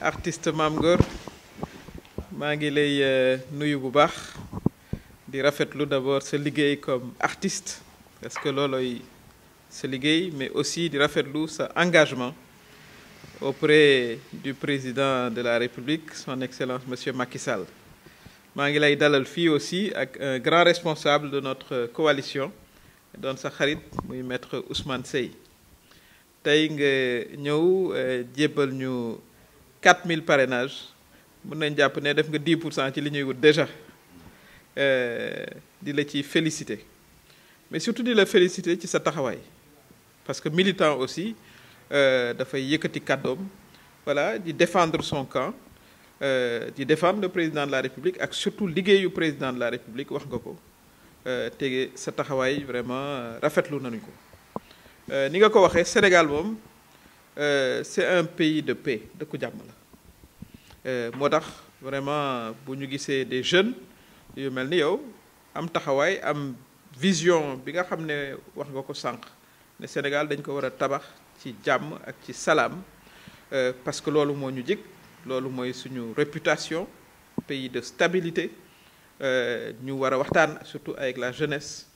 artiste maam Goor maa ngi lay euh, nuyu bu baax di rafetlu d'abord sa liggéey comme artiste parce que loolooy sa liggéey mais aussi di rafetlu sa engagement auprès du président de la République son excellence monsieur Macky Sall maa ngi lay dalal fii aussi ak un grand responsable de notre coalition doon sa xarit muy maître Ousmane Seye tey nga ñëw euh, jébbal ñu quatre mille parrainages mun nañ jàpp ne def nga di pour cent ci li ñuy wut déjà euh, di la ci félicité mais surtout di la félicité ci sa taxawaay parce que militant aussi euh, dafay yëkkati kàddoom voilà di défendre son camp euh, di défendre le président de la République ak surtout liggéeyu président de la République wax nga ko te sa taxawaay vraiment rafetlu nañu ko ni nga ko waxee Sénégal moom. Euh, c'est un pays de paix dëkku jàmm la euh, moo tax vraiment bu ñu gisee des jeunes yu mel ni yow am taxawaay am vision bi nga xam ne wax nga ko sànq ne Sénégal dañ ko war a tabax ci jàmm ak ci salaam euh, parce que loolu moo ñu jig loolu mooy suñu réputation pays de stabilité ñu war a waxtaan surtout avec la jeunesse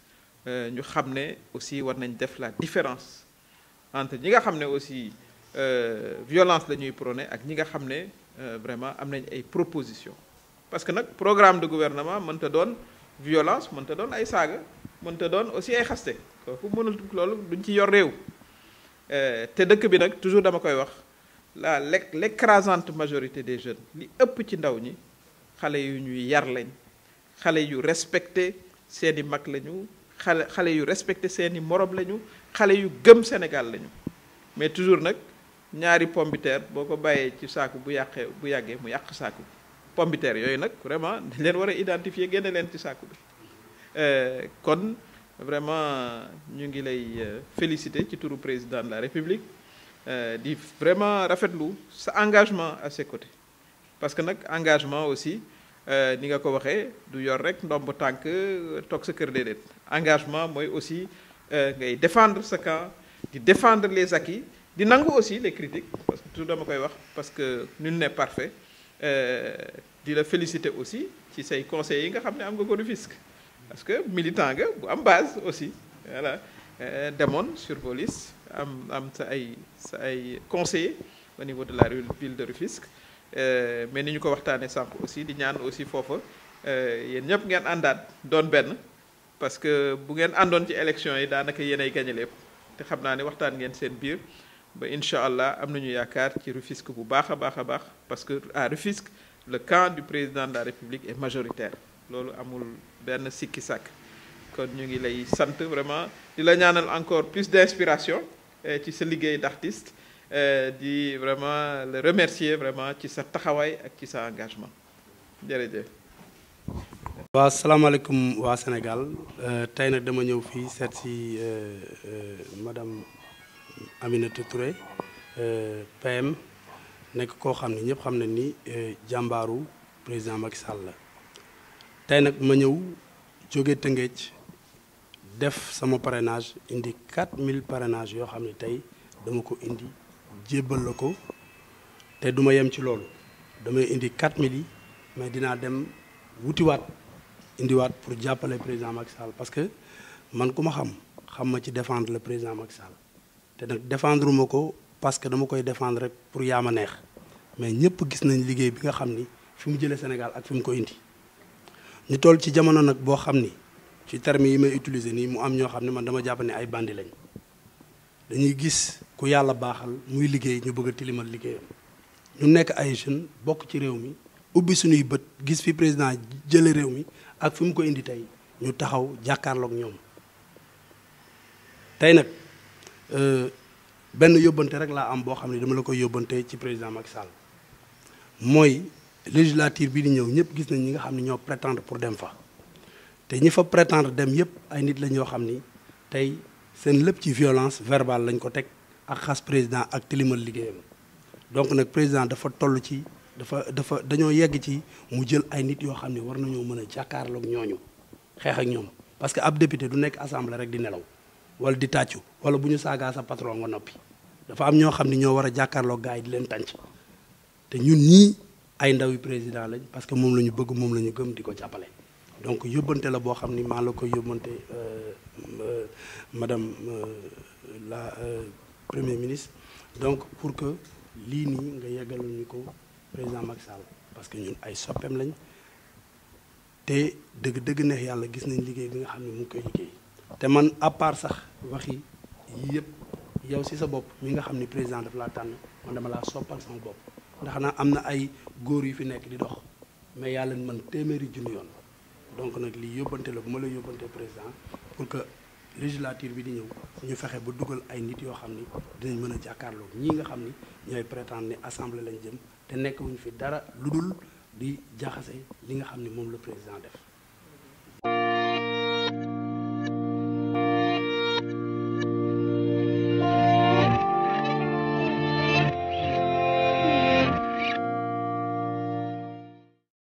ñu xam ne aussi war nañ def la différence entre ñi nga xam ne aussi euh, violence la ñuy prôné ak ñi nga xam ne euh, vraiment am nañ ay propositions. parce que nag programme de gouvernement mënta doon violence mënta doon ay saaga mënta doon aussi ay xaste kooku mënul loolu duñ ci yor réew euh, te dëkk bi nag toujours dama koy wax la l'écrasante majorité des jeunes li ëpp ci ndaw ñi xale yu ñuy yar lañ xale yu respecté seeni mag lañu xale xale yu respecté seeni morom lañu xale yu gëm Sénégal lañu mais toujours nag ñaari pombiteer boo ko bàyyee ci saaku bu yàqee bu yàggee mu yàq saaku bi pombiteer yooyu nag vraiment leen war a identifier génne leen ci saaku bi euh, kon vraiment ñu ngi lay euh, féliciter ci turu président de la République euh, di vraiment rafetlu sa engagement à ses côtés parce que nag engagement aussi ni nga ko waxee du yor rek ndomb tànk toog sa kër déedéet engagement mooy aussi Euh, ngay défendre sa camp di défendre les acquis di nangu aussi les critiques parce que tout dama koy wax parce que nul n'est parfait euh, di la féliciter aussi ci say conseils yi nga xam ne am nga ko Rufisque parce que militant nga bu am base aussi voilà euh, demoon sur vos am am sa ay sa ay conseillers au niveau de la ville de Rufisque mais ni ñu ko waxtaanee sànq aussi di ñaan aussi foofa yéen ñëpp ngeen àndaat doon benn parce que bu ngeen àndoon ci élection yi daanaka yéenay gañe lépp te xam naa ne waxtaan ngeen seen biir ba incha allah am nañu yaakaar ci Rufisque bu baax a baax a baax parce que à Rufisque le camp du président de la République est majoritaire loolu amul benn sikki sàkk kon ñu ngi lay sant vraiment di la ñaanal encore plus d'inspiration eh, ci sa liggéey d'artiste eh, di vraiment le remercier vraiment ci sa taxawaay ak ci sa engagement waaw salaamaaleykum waa Sénégal euh, tey nag dama ñëw fii seet si euh, euh, madame Aminata Touré PM nekk koo xam ne ñëpp xam ne ni jàmbaaru président Macky Sall la tey nag ma ñëw jóge Tëngéej def sama parenage indi 4000 parrainage yoo xam ne tey dama ko indi jébbal la ko te duma yem ci loolu damay indi 4000 yi mais dinaa dem wutiwaat indiwaat pour jàppale président Macky Sall parce que man ku ma xam xam ma ci defendre la président Macky Sall te nag défendre ma ko parce que dama koy défendre rek pour yaa ma neex mais ñëpp gis nañ liggéey bi nga xam ni fi mu jëlee Sénégal ak fi mu ko indi ñu toll ci jamono nag boo xam ni ci termes yi may utiliser nii mu am ñoo xam ne man dama jàpp ne ay bandi lañ dañuy gis ku yàlla baaxal muy liggéey ñu bëgg a tilimal liggéeyam ñu nekk ay jeunes bokk ci réew mi ubbi suñuy bët gis fi président jële réew mi ak fi mu ko indi tey ñu taxaw jàkkaarloog ñoom tey nag euh, benn yóbbante rek laa am boo xam ne dama la koy yóbbante ci président Macky Sall mooy législature bi di ñëw ñëpp gis nañ ñi nga xam ne ñoo prétendre pour dem fa te ñi fa prétendre dem yëpp ay nit la ñoo xam ni tey seen lépp ci violence verbal lañ ko teg ak xas président ak tilimal liggéeyam donc nag président dafa toll ci dafa dafa dañoo yegg ci mu jël ay nit yoo xam ne war nañoo mën a jàkkaarlook ñooñu xeex ak ñoom parce que ab député du nekk assemblée rek di nelaw wala di tàccu wala bu ñu saagaa sa patron nga noppi dafa am ñoo xam ne ñoo war a jàkkaarloog gaa yi di leen tànc te ñun nii ay ndawi président lañ parce que moom la ñu bëgg moom la ñu gëm di ko jàppale donc yóbbante la boo xam ni maa la ko yóbbante euh, euh, madame euh, la premier ministre donc pour que lii nii nga yeggalal ñu ko président Macky Sall parce que ñun ay soppeem lañ te dëgg-dëgg neex yàlla gis nañ liggéey bi nga xam ne mu ngi koy liggéey te man à part sax waxi yëpp yow si sa bopp mi nga xam ni président daf la tànn man dama laa soppal sama bopp ndax naa am na ay góor yu fi nekk di dox mais yàlla man téeméeri junni yoon donc nag lii yóbbante la bu ma la yóbbante président pour que législature bi di ñëw ñu fexee ba dugal ay nit yoo xam ni dinañ mën a jàkkaarloo ñii nga xam ni ñooy prétendre ni assemblée lañ jëm te nekk wuñ fi dara lu dul di jaxase li nga xam ni moom la président def